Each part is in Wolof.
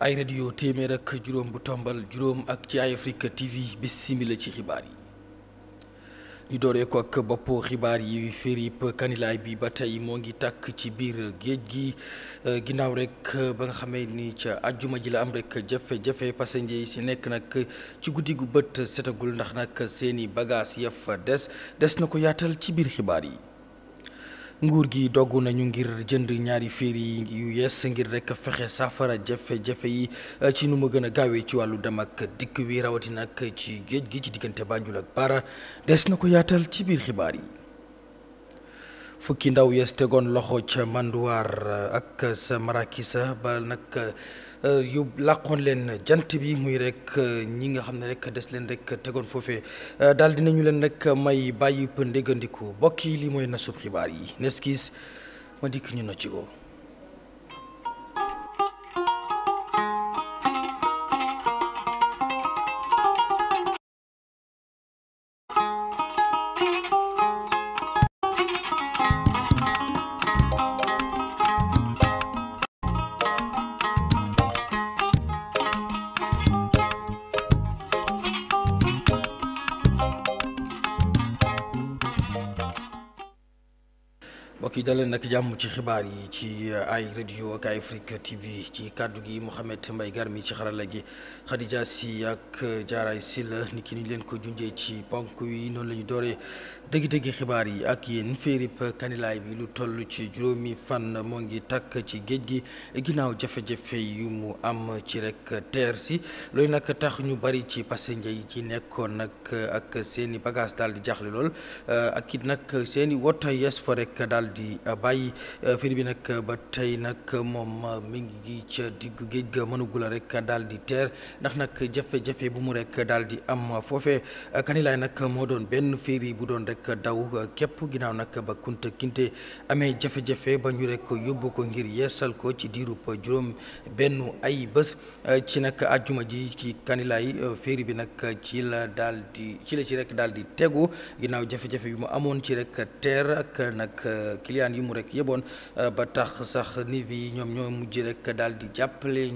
ay rajo téeméer ak juróom bu tombal juróom ak ci ay Africa TV bi simila ci xibaar yi ñu dooree ko ak boppu xibaar yi Filipe Kanilaay bi ba tey moo ngi takk ci biir géej gi euh, ginnaaw rek euh, ba nga xamee ni ca àjjuma ji la am rek jafe-jafe passenger yi si nekk nag ci guddi gu bët setagul ndax nag seeni bagage ya fa des des na ko yaatal ci biir xibaar yi. nguur gi dogg nañu ngir jënd ñaari ferry yu yees ngir rekk fexe saafara jafe-jafe yi eh, ci nu ma gën a gaawee ci wàllu dem ak dikk wi rawatina ak ci géej gi ci diggante Banjul ak Bara des na ko yaatal ci biir xibaar yi. fukki ndaw yees tegoon loxo ca Manduwaar eh, ak sa Marakisa ba nag. Euh, yu làqoon leen jant bi muy rek euh, ñi nga xam ne rek des leen rek tegoon foofee euh, daal nañu leen rek may bàyyi pëndégandiku bokk yi lii mooy nasub xibaar yi kiis ma dikk ñu na ci ko mbokk yi daleen nag jàmm ci xibaar yi ci euh, ay radio ak ay Afrique TV ci kàddu gi Mouhamed Mbaye Garmi ci xarala gi Khadija Sy ak euh, Diarra Sylla ni ki ni leen ko junjee ci ponk wi noonu lañu ñu dooree dëgg-dëgg xibaar yi ak yéen féerib kanilaay bi lu toll ci juróomi fan moo ngi takk ci géej gi ginnaaw jafe-jafe yu mu am ci rek teer si loolu nag tax ñu bari ci passenger yi ci nekkoon nag ak seeni i bagage daal di jaaxle lool euh, ak it nag seen yes fa rek daal di uh, bàyyi uh, firi bi nag uh, ba tey nag moom mi ngi ca diggu géej ga mënugula rek daal di teer ndax nag jafe-jafe bu mu rekk daal di am foofe kanilaay nag moo doon benn firi bu doon rek daw képp ginnaaw nag ba kunta kinte amee jafe-jafe ba ñu rek yóbbu ko ngir yeesal ko ci diirub juróom benn ay bés ci nag ajjuma ji ci kanilaay firi bi nag ci la daldi ci la ci rek daal tegu ginnaaw jafe-jafe yu mu amoon ci rek teer ak nag client yu mu rek yeboon euh, ba tax sax ni bi ñoom ñoo mujj rek daal di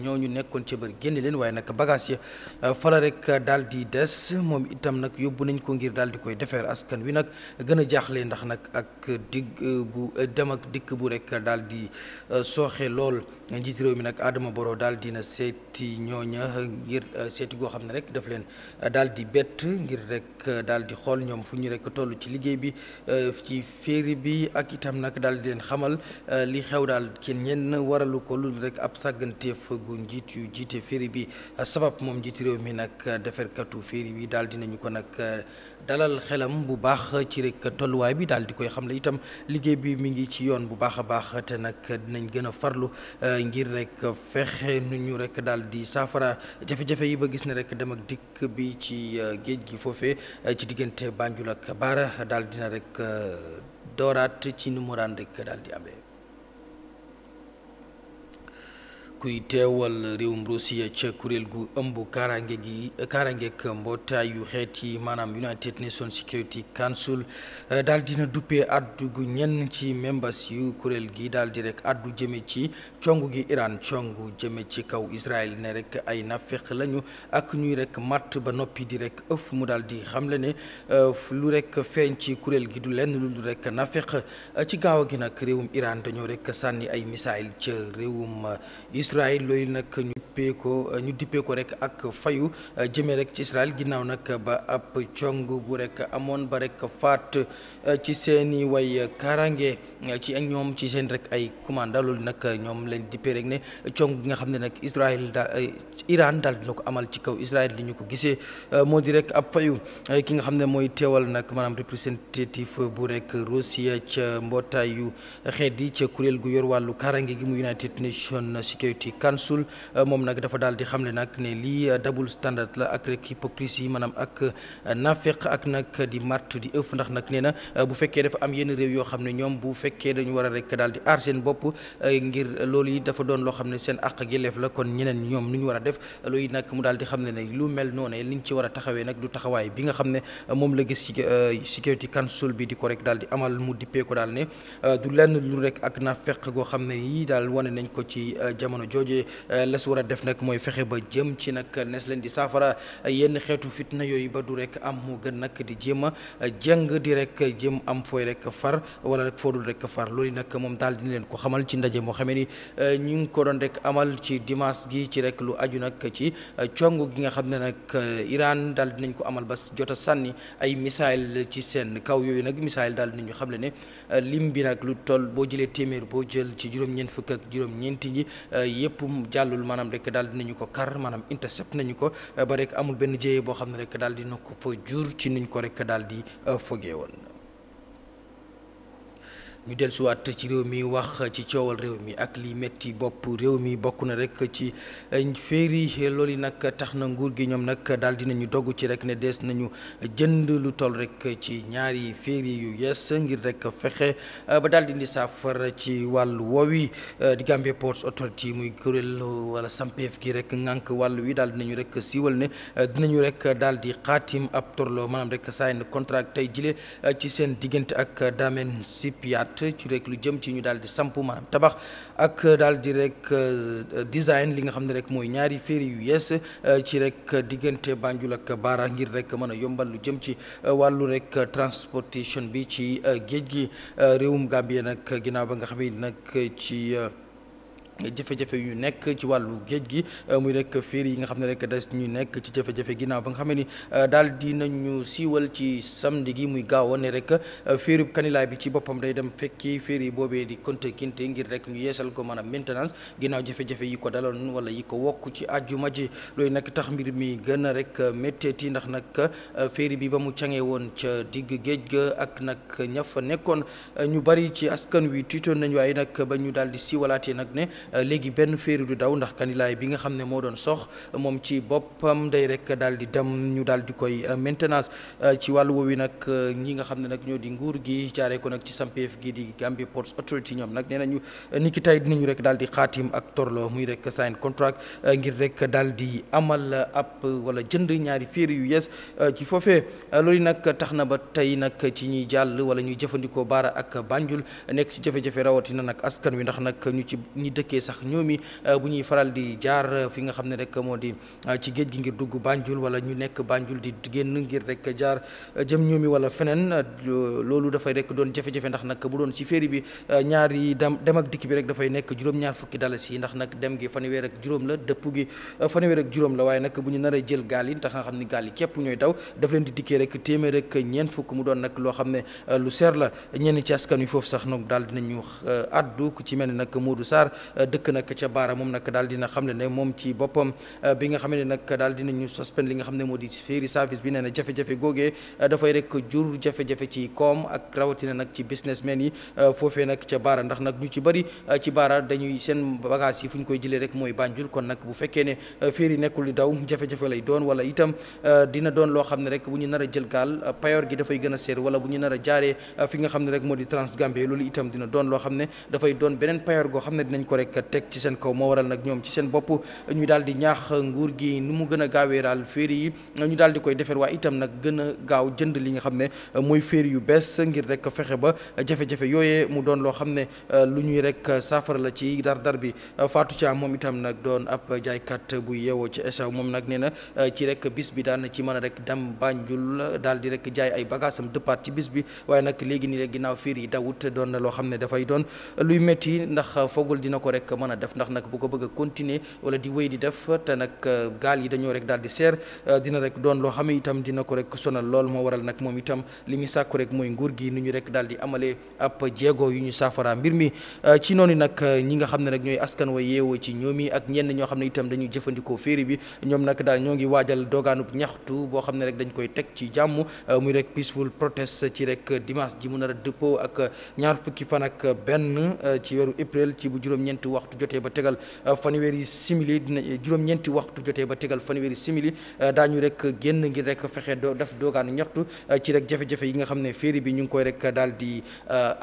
ñoo ñu nekkoon ca bër génne leen waaye nag bagage ya euh, fala rek daal di des moom itam nag yóbbu nañ ko ngir daal di koy defeer askan wi nag gën a jaaxle ndax nag ak digg euh, bu dem ak dikk bu rek daal di sooxe lool njiit réew mi nag Adama boro daal dina seeti ñooña ngir seeti goo xam ne rek daf leen daal di bett ngir rek daal di xool ñoom fu ñu rek toll ci liggéey bi ci féeri nag daal di leen xamal euh, li xew daal kenn ñenn waralu ko lu rek ab sàgganteef gu njiit yu jiite féri bi sabab moom njiiti réew mi nag defarkatu féri bi daal dinañu ko nag euh, dalal xelam bu baax ci rek tolluwaay bi daal di koy xamle itam liggéey bi mi ngi ci yoon bu baax a baax te nag dinañ gën a farlu euh, ngir rek fexe nu ñu rek daal di saafara jafe-jafe yi ba gis na rek dem ak dikk bi ci géej gi foofe ci diggante Banjul ak Baara daal dina rek dooraat ci nu mu raan rek daal di amee kuy teewal réewum Russie ca kuréel gu ëmb kaaraange gi mbootaay yu xeet yi maanaam United Nations Security Council eh, daal dina duppee addu gu ñenn ci membres yu kuréel gi daal di rek addu jëme ci cong gi Iran cong jëme ci kaw Israël ne rek ay nafeq lañu ak ñuy rek matt ba noppi di rekk ëf mu dal di xamle ne eh, lu rek feeñ ci kuréel gi du lenn lu dul rek nafeq eh, ci gaaw gi nag réewum Iran dañoo rek sànni ay misail ca réewum Israël looyu nag ñu dippee ko ñu dippee ko rek ak fayu jëmee rek ci Israël ginnaaw nag ba ab cong bu rek amoon ba rek faat ci seeni way kaaraange ci ak ñoom ci seen rek ay commanda loolu nag ñoom leen dippee rek ne cong bi nga xam ne nag Israël da Iran daal dina ko amal ci kaw Israël li ñu ko gisee moo di rek ab fayu ki nga xam ne mooy teewal nag maanaam représentatif bu rek Russie ca mbootaayu xeet yi ca kuréel gu yor wàllu kaaraange gi mu United Nations Security Security Council euh, moom nag dafa daal di xamle nag ne lii euh, double standard la ak rek hypocrisie maanaam ak euh, naafeq ak nag di màtt di ëff ndax nag ne na bu fekkee dafa am yenn réew yoo xam ne ñoom bu fekkee dañu war a rek daal di aar seen bopp ngir dafa doon loo xam ne seen àq ak la kon ñeneen ñoom lu ñu war a def loolu yi nag mu daal di xam ne nag lu mel noonu liñ ci war a taxawee nag du taxawaay bi nga xam ne moom la gis ci Security Council bi di ko rek daal di amal mu dippee ko daal ne du lenn lu rek ak naafeq goo xam ne yii daal wane nañ ko ci jamono jooje la su war def nak moy fexe ba jëm ci nak nees di safara yenn xétu fitna yoy ba du rek am mo gën nak di jéem a di rek jëm am foy rek far wala rek foodul rek far loolu nak mom dal dina len ko xamal ci ndaje mo xamé ni ñu ngi ko don rek amal ci dimanche gi ci rek lu aju nak ci ciongu gi nga xamné nak Iran daal dinañ ko amal ba jot a sànni ay missile ci sen kaw yoy nak missile dal dinañu ñu xamlé ne lim bi lu toll bo jëlé témèr bo jël ci juroom ñen fukk ak juroom ñenti ñi yëpp jàllul maanaam rek daal dinañu ko kar maanaam intercept nañu ko ba rek amul benn jéyee boo xam ne rek daal dina ko fa jur ci niñ ko rek daal di euh, fogee woon ñu dellusiwaat ci réew mi wax ci coowal réew mi ak li métti bopp réew mi bokk na rek ci eh, féeri eh, loolu yi nag tax na nguur gi ñoom nag daal nañu dogg ci rek ne des nañu jënd lu toll rek ci ñaari féeri yu yees ngir rek fexe eh, ba daal di indi saafara ci wàllu woowi di Gambia Ports Authority muy kuréel wala sampeef gi rek ngànk wàll wi daal nañu rek siiwal ne dinañu rek daal di xaatim ab torloo maanaam rek saa contrat tey jile ci seen diggante ak Damen Sipiat natt ci rek lu jëm ci ñu daal di samp maanaam tabax ak daal di rek euh, design li nga xam ne rek mooy ñaari féeri yu yees euh, ci rek diggante Banjul ak Baara ngir rek mën a yombal lu jëm ci euh, wàllu rek transportation bi ci géej gi réewum Gambie nag ginnaaw ba nga xam ne nag ci. jafe-jafe yu nekk ci wàllu géej gi euh, muy rek fiir yi nga xam ne rek des ñu nekk ci jafe-jafe ginnaaw ba nga xam ni euh, daal di nañu siiwal ci samedi gi muy gaawoon ne rek euh, fiirub kanilaay bi ci boppam day dem fekki fiir yi boobee di konte kinte ngir rek ñu yeesal ko maanaam maintenance ginnaaw jafe-jafe yi ko daloon wala yi ko wokk ci àjjuma ji loolu nag tax mbir mi gën a rek métteeti ndax nag fiir bi ba mu cangee woon ca digg géej ga ak nag ña fa nekkoon ñu bari ci askan wi tiitoon nañ waaye nag ba ñu daal di siiwalaatee nag ne Euh, léegi benn féeri du daw ndax kanilaay bi nga xam ne moo doon sox moom ci boppam day rek daal di dem ñu daal di koy euh, maintenance euh, ci wàllu woowi nag ñi nga xam ne nag ñoo di nguur gi jaaree ko nag ci sampeef gi di Gambia Ports Authority ñoom nag nee nañu ni ki tey dinañu rek daal di xaatim ak torlo muy rek sign contract ngir rek daal di amal ab wala jënd ñaari féeri yu yees ci foofee loolu nag tax na ba tey nag ci ñuy jàll wala ñuy jëfandikoo baara ak Banjul nekk ci rawatina nag askan wi ndax nag fekkee sax ñoomi euh, bu ñuy faral di jaar euh, fi nga xam ne rek moo di euh, ci géej gi ngir dugg Banjul wala ñu nekk Banjul di génn ngir rek jaar jëm ñoomi wala feneen loolu dafa rek doon jafe-jafe ndax nag bu doon ci féeri bi ñaari dem dem ak dikk bi rek dafay nekk juróom-ñaar fukki dalasi ndax nag dem gi fanweer ak juróom la dëpp gi fanweer ak juróom la waaye nag bu ñu nar a jël gaal yi tax nga xam ni gaal yi képp ñooy daw daf leen di dikkee rek téeméer ak ñeent fukk mu doon nag loo xam ne lu seer la ñenn ci askan wi foofu sax nag daal dinañu àddu dëkk nag ca baara moom nag daal dina xam ne ne moom ci boppam euh, bi nga xam ne nag daal dinañu suspend li nga xam ne moo di ferry service bi nee na jafe-jafe googee euh, dafay rek jur jafe-jafe ci koom ak rawatina nag ci business businessmen yi euh, foofee nag ca baara ndax nag ñu ci bëri ci baara dañuy seen bagage yi fu ñu koy jëlee rek mooy Banjul kon nag bu fekkee ne ferry nekkul di daw jafe-jafe lay doon wala itam dina doon loo xam ne rek bu ñu nar a jël gaal payoor gi dafay gën a seer wala bu ñu nar jaaree fi nga xam ne rek moo di Transgambie loolu itam dina doon loo xam ne dafay doon beneen payoor goo xam ne dinañ ko rek rek teg ci seen kaw moo waral nag ñoom ci seen bopp ñu daal di ñaax nguur gi nu mu gën a gaawee daal féeri yi ñu daal di koy defar waaye itam nag gën a gaaw jënd li nga xam ne mooy féeri yu bees ngir rek fexe ba jafe-jafe yooyee mu doon loo xam ne euh, lu ñuy rek saafara la ci dar-dar bi Fatou Thiam moom itam nag doon ab jaaykat bu yeewoo ci Esau moom nag nee na euh, ci rek bis bi daan ci mën a rek dem Banjul daal di rek jaay ay bagaasam dëppaat ci bis bi waaye nag léegi nii rek ginnaaw féeri yi dawut doon na loo xam ne dafay doon luy métti ndax foogul rek mën a def ndax nag bu ko bëgg continuer wala di wéy di def te nag euh, gaal yi dañoo rek daal di seer euh, dina rek doon loo xam itam dina ko rek sonal lool moo waral nag moom itam li muy sàkku rek mooy nguur gi nu ñu rek daal di amalee ab jéego yu ñu saafara mbir mi euh, ci noonu nag ñi nga xam ne rek ñooy askan wa yeewoo ci ñoom yi ak ñenn ñoo xam ne itam dañuy jëfandikoo féeri bi ñoom nag daal ñoo ngi waajal doogaanub ñaxtu boo xam ne rek dañ koy teg ci jàmm muy rek peaceful ci rek dimanche ji mu a dëppoo ak ñaar fukki fan ak benn ci weeru waxtu jotee ba tegal euh, fanweeri simili dina juróom-ñeenti waxtu jotee ba tegal fanweeri simili euh, daañu rek génn ngir rek fexe doo def doogaanu ñaxtu euh, ci rek jafe yi nga xam ne féeri bi ñu ngi koy rek daal di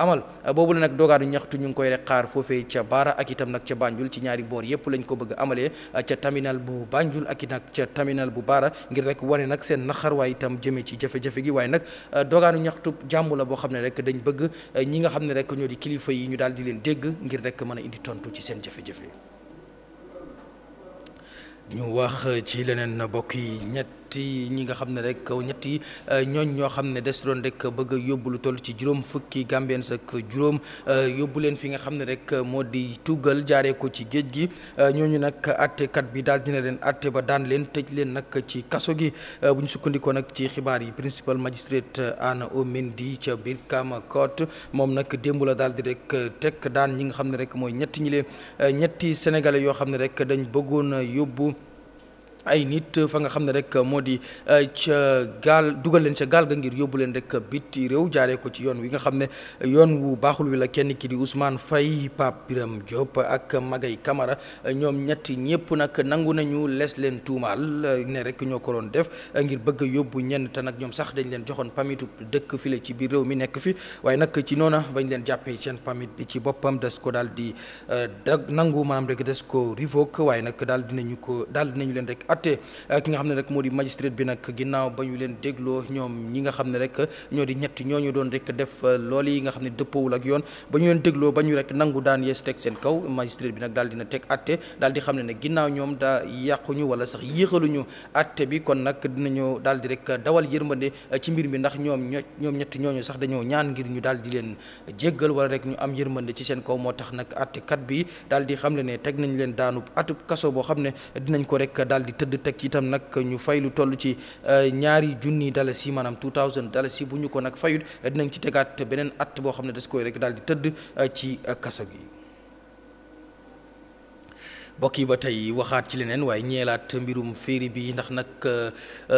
amal boobu la doogaanu ñaxtu ñu ngi koy rek xaar foofee ca Baara ak itam nag ca Banjul ci ñaari boor yëpp lañ ko bëgg amalee ca terminal bu Banjul ak nag ca terminal bu Baara ngir rek wane nag seen naxar waaye itam jëmee ci jafe gi waaye nag doogaanu ñaxtu jàmm la boo xam ne rek dañ bëgg ñi nga xam ne rek ñoo di kilifa yi ñu daal di leen dégg ngir rek mën indi tontu ci ci seen jafe ñu wax ci leneen mbokk yi ñetti ñi nga xam ne rek ñetti euh, ñooñ ñoo xam ne des doon rek bëgg yóbbu lu toll ci juróom fukki Gambien ak juróom euh, yóbbu leen fi nga xam ne rek moo di tugal jaaree ko ci géej gi euh, ñooñu nag attekat bi daal dina leen atte ba daan leen tëj leen nag ci kaso gi bu ñu nag ci xibaar yi principal magistrate Anna Omendi ca Birkama Court moom nag démb la daal rek teg daan ñi nga xam ne rek mooy ñetti ñi leen ñetti sénégalais yoo xam ne rek dañ bëggoon yóbbu. ay nit fa nga xam ne rek moo di eh, ca gaal dugal leen ca gaal ga ngir yóbbu leen rek biti réew jaaree ko ci yoon wi nga xam ne yoon wu baaxul wi la kenn ki di Ousmane fay Pape Birame Diop ak Magay kamara ñoom ñetti ñëpp nag nangu nañu les leen tuumaal ne rek ñoo ko doon def ngir bëgg yóbbu ñenn te nag ñoom sax dañ leen joxoon pamitu dëkk file ci biir réew mi nekk fi waaye nag ci noona bañ leen jàppee seen pamit bi ci boppam des ko daal di eh, dag nangu maanaam rek des ko révoque waaye nag daal dinañu ko daal dinañu leen rek atte eh, ki nga xam ne rek moo di magistrate bi nag ginnaaw ba ñu leen dégloo ñoom ñi nga xam ne rek ñoo di ñetti ñoo ñu doon rek def eh, lool yi nga xam ne dëppawul ak yoon ba ñu leen dégloo ba ñu rek nangu daan yees teg seen kaw magistrate bi nag daal dina teg atte daal di xam ne ne ginnaaw ñoom daa yàquñu wala sax yéexaluñu atte bi kon nag dinañu daal di rek dawal yërmande eh, ci mbir mi ndax ñoom ño ñoom ñetti ñooñu sax dañoo ñaan ngir ñu daal di leen jéggal wala rek ñu am yërmande ci seen kaw moo tax nag attekat bi daal di xam ne ne teg nañ leen daanub atub kaso boo xam ne dinañ ko rek daal di tëdd teg ci itam nag ñu fay lu toll ci euh, ñaari junni dalasi maanaam 2000 dalasi bu ñu ko nag fayut dinañ ci tegaat beneen at boo xam ne das koy rek daal di tëdd euh, ci euh, kaso gi. mbokk yi ba tey waxaat ci leneen waaye ñeelaat mbirum féeri bi ndax nag euh,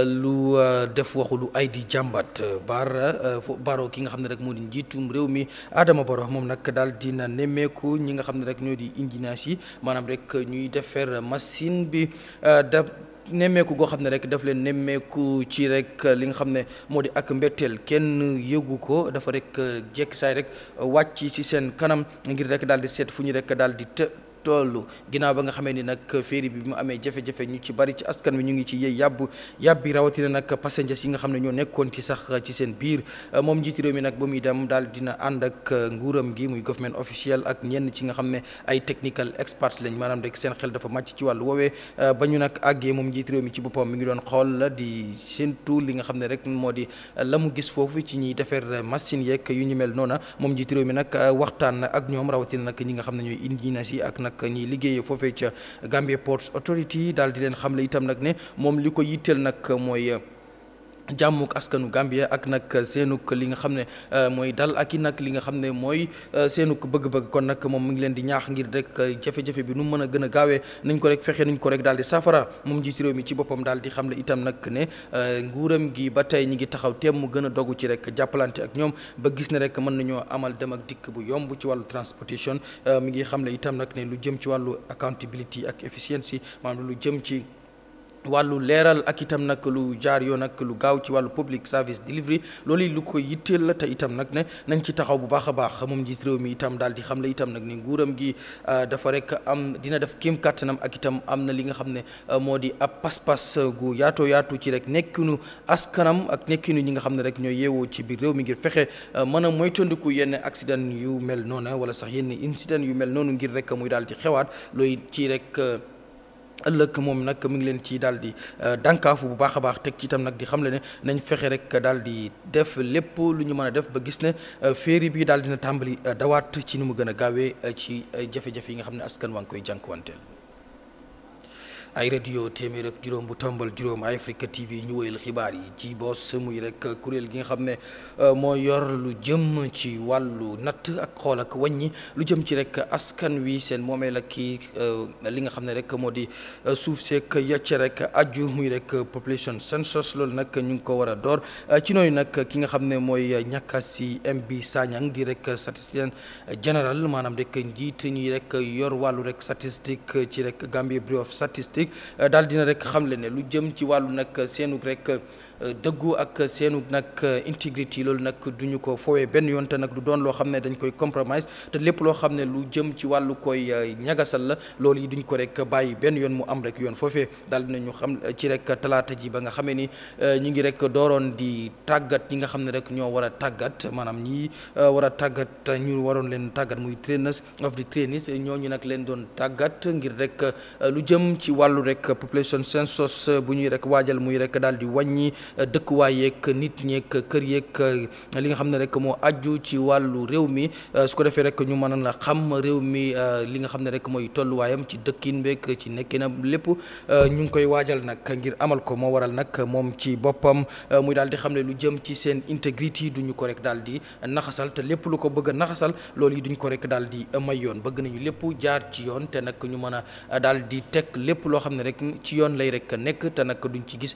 lu euh, def waxu lu ay di jàmbat euh, baara baro ki nga xam ne rek moo di njiitum réew mi aadama Barrow moom nag daal dina nemmeeku ñi nga xam ne rek ñoo di ingénieurs yi maanaam rek ñuy defar machine bi da nemmeeku goo xam ne rek daf leen nemmeeku ci rek li nga xam ne moo di ak mbetteel kenn yëgu ko dafa rek jekk saay rek wàcc ci seen kanam ngir rek daal di seet fu ñu rek daal di të toll ginnaaw ba nga xamee ni nag ferry bi mu amee jafe-jafe ñu ci bari ci askan wi ñu ngi ci yëy yàbb yàbbi rawatina nag passagers yi nga xam ne ñoo nekkoon ci sax ci seen biir moom njiiti réew mi nag ba muy dem daal dina ànd ak nguuram gi muy government officiel ak ñenn ci nga xam ne ay technical experts lañ maanaam rek seen xel dafa màcc ci wàllu woowee ba ñu nag àggee moom njiiti mi ci boppam mi ngi doon xool la di séentu li nga xam ne rek moo di la mu gis foofu ci ñuy defar machine yeeg yu ñu mel noona moom njiiti réew mi nag waxtaan ak ñoom rawatina nag ñi nga xam ne ñooy indi si ak nag nag ñiy liggéeyee foofee ca Gambia Ports Authority daal di leen xamle itam nag ne moom li ko yitteel nag mooy jàmmuk askanu Gambia ak nag seenuk li nga xam ne euh, mooy dal ak i nag li nga xam ne mooy euh, seenuk bëgg-bëgg kon nag moom mu ngi leen di ñaax ngir rek euh, jafe-jafe bi nu mën a gën a gaawee nañ ko rek fexe nañ ko rek daal di saafara moom ji si réew mi ci boppam daal di xam ne itam nag ne nguuram gi ba tey ñi ngi taxaw teem mu gën a dogu ci rek jàppalante ak ñoom ba gis ne rek mën nañoo amal dem ak dikk bu yomb ci wàllu transportation mi ngi xam ne itam nag ne lu jëm ci wàllu accountability ak efficiency maanaam lu jëm ci wàllu leeral ak itam nag lu jaar yoo nag lu gaaw ci wàllu public service delivery loolu lu ko yitteel la te itam nag ne nañ ci taxaw bu baax a baax moom njiit réew mi daal di xam le itam nag ne nguuram gi euh, dafa rek am dina def kéem kàttanam ak itam am na li nga xam ne euh, moo di ab pas-pas yaatoo yaatu ci rek nekkinu askanam ak nekkinu ñi nga xam ne rek ñooy yeewoo ci biir réew mi ngir fexe euh, mën a moytandiku yenn accident yu mel noonu wala sax yenn incident yu mel noonu ngir rek muy daal di xewaat looy ci rek. ëllëg moom nag mu ngi leen ci daal di euh, dànkaafu bu baax a baax teg ci itam nag di xam la ne nañ fexe rek daal di def lépp lu ñu mën a def ba gis ne euh, féeri bi daal na tàmbali euh, dawaat ci ni mu gën a gaawee ci jafe-jafe yi nga xam ne askan waa ngi koy jànkuwanteel ay rajo téeméer ak juróom bu tombal juróom Africa TV ñu woyal xibaar yi ci boos muy rek kuréel gi nga xam ne euh, moo yor lu jëm ci wàllu natt ak xool ak wàññi lu jëm ci rek askan wi seen moomeel ak kii euh, li nga xam ne rek moo di euh, suuf seek yacce rek aju muy rek population census loolu nag ñu ngi ko war a door ci noonu nag ki nga xam ne mooy ñàkka si MB Sagnang di rek statisticien général maanaam rek njiit ñuy rek yor wàllu rek statistique ci rek Afrique euh, daal dina rek xam le ne lu jëm ci wàllu nag seenug rekk euh, dëggu ak seenu nag euh, intégrité loolu nag du ñu ko foowee benn yoon te nag du doon loo xam ne dañ koy compromise te lépp loo xam ne lu jëm ci wàllu koy euh, ñagasal la loolu yi duñ ko rek bàyyi benn yoon mu am rek yoon foofee daal dinañu xam euh, ci rek talaata ji ba nga xamee ni ñu ngi rek dooroon di tàggat ñi nga xam ne rek ñoo war a tàggat maanaam ñi war a tàggat ñu waroon leen tàggat muy trainers of the trainees ñooñu nag leen doon tàggat ngir rek lu jëm ci wàllu rek population census bu ñuy rek waajal muy rek daal di wàññi dëkkuwaay yeeg nit ñekk kër yeeg euh, li nga xam ne rek moo aju ci wàllu réew mi euh, su ko defee rek ñu mën a xam réew mi euh, li nga xam ne rek mooy tolluwaayam ci dëkkin beeg ci nekkinam lépp ñu ngi koy waajal nag ngir amal ko moo waral nag moom ci boppam muy daal di xam ne lu jëm ci seen intégrité duñu ko rek daal di naxasal te lépp lu ko bëgg naxasal loolu yi duñ ko rekk daal di may yoon bëgg nañu lépp jaar ci yoon te nag ñu mën a daal di teg lépp loo xam ne rek ci yoon lay rek nekk nag duñ ci gis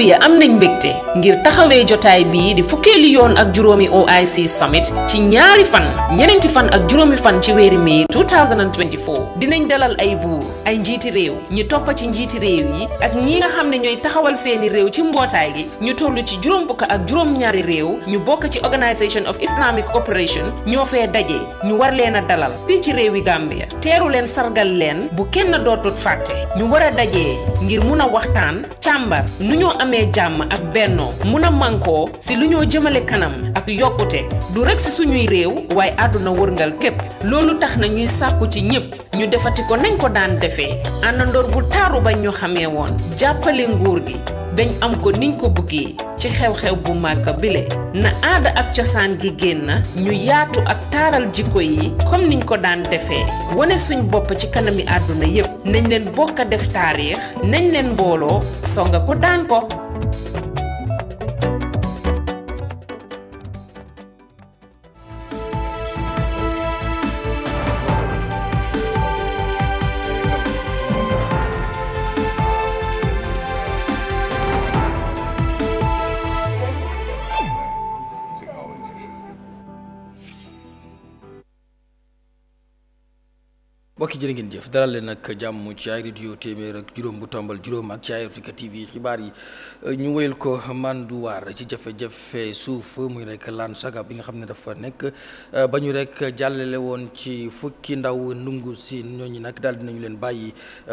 Gambia am nañ mbégte ngir taxawee jotaay bii di fukkeeli yoon ak juróomi OIC summit ci ñaari fan ñeneenti fan ak juróomi fan ci weeri mai 2024 dinañ dalal ay buur ay njiiti réew ñu topp ci njiiti réew yi ak ñi nga xam ne ñooy taxawal seeni réew ci mbootaay gi ñu toll ci juróom fukk ak juróom-ñaari réew ñu bokk ci Organisation of Islamic Cooperation ñoo fee daje ñu war leen a dalal fii ci réewi Gambia teeru leen sargal leen bu kenn dootut fàtte ñu war a dajee ngir mun a waxtaan càmbar nu ñoo am amee jàmm ak bennoo mun a mànkoo si lu ñoo jëmale kanam ak yokkute du rek si suñuy réew waaye àdduna wërngal képp loolu tax na ñuy sàkku ci ñëpp ñu defati ko nañ ko daan defee àndandoor bu taaru ba ñu xamee woon jàppale nguur gi dañ am ko niñ ko buggee ci xew-xew bu màgg bile na aada ak cosaan gi génn ñu yaatu ak taaral jikko yi comme niñ ko daan defee wane suñ bopp ci kanami àdduna yépp nañ leen bokk a def taarix nañ leen mbooloo songa ko you jërë ngeen jëf dalal leen nag jàmm ci ay rajo téeméer ak juróom bu tombal juróom ak ci ay Africa TV xibaar yi ñu wéyal ko manduwaar ci jafe-jafe suuf muy rek laan saga bi nga xam ne dafa nekk ba ñu rek jàllale woon ci fukki ndaw ndungu si ñooñu nag daal dinañu leen bàyyi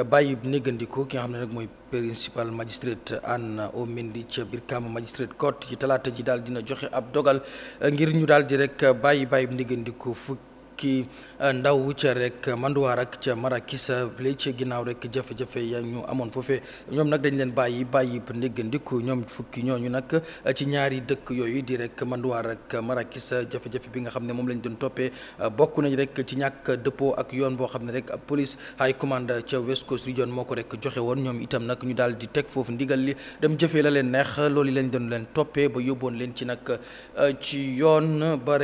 bàyyi bu néggandiku ki nga xam ne nag mooy principal magistrate Anne Oumendi ca Birkama magistrate court ci talaata ji daal dina joxe ab dogal ngir ñu daal di rek bàyyi bàyyi néggandiku fukki. ki eh, ndaw ca rek Manduwaar ak ca Marakisa ci ginnaaw rek jafe-jafe ya ñu amoon foofee ñoom nag dañ leen bàyyi bàyyi ndigg ndikku ñoom fukki ñooñu nag eh, ci ñaari dëkk yooyu di rek Manduwaar ak Marakisa jafe-jafe bi nga xam ne moom lañ doon toppee eh, bokk nañ rek ci ñàkk dëppoo ak yoon boo xam ne rek police high command ca West Coast Region moo ko rek joxe woon ñoom itam nag ñu daal di teg foofu ndigal li dem jëfee la leen neex loolu lañ doon leen toppee ba yóbboon leen ci nag ci yoon ba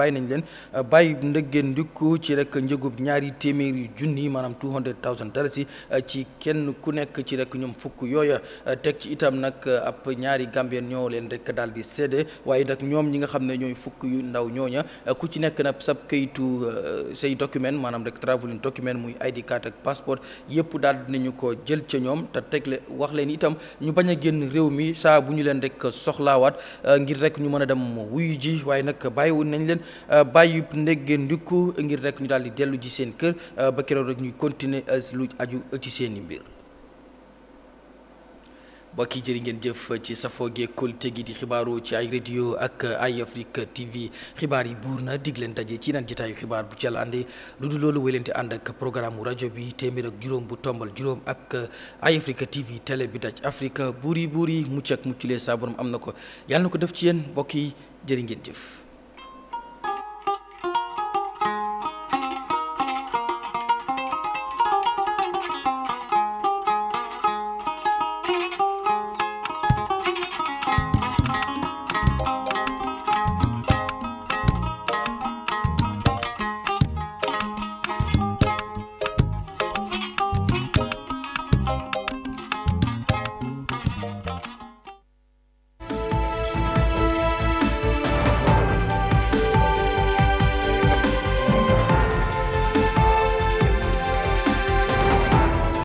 bàyyi nañ leen euh, bàyyi ndëggeen ndikku ci rek njëgub ñaari téeméeri junni maanaam two hundred thousand dalasi euh, ci kenn ku nekk ci rek ñoom fukk yooya euh, teg ci itam nag ab ñaari gambien ñoo leen rek daal di séede waaye nag ñoom ñi nga xam ne ñooy fukk yu ndaw ñooña ku ci nekk nag sab kayitu say document maanaam rek travelling document muy ID card ak passeport yëpp daal nañu ko jël ca ñoom te teg tegle wax leen itam ñu bañ a génn réew mi saa bu ñu leen rek soxlaawaat ngir rek ñu mën a dem Euh, bàyyi ndéggeen ndikku ngir rek ñu daal di dellu ji seen kër euh, ba keroog rek ñuy continuer euh, lu aju ci seen i mbir. mbokk yi jërë ngeen jëf ci sa kolte gi di xibaaru ci ay radio ak ay Afrique TV xibaar yi buur na dig leen daje ci naan jotaayu xibaar bu ci yàlla àndee lu dul loolu wéy leen ànd ak programme mu rajo bi téeméer ak juróom bu tombal juróom ak ay Afrique TV télé bi daj Afrique buur yi buur yi mucc ak mucc lee saa am na ko yàlla na ko def ci yéen mbokk yi jërë jëf.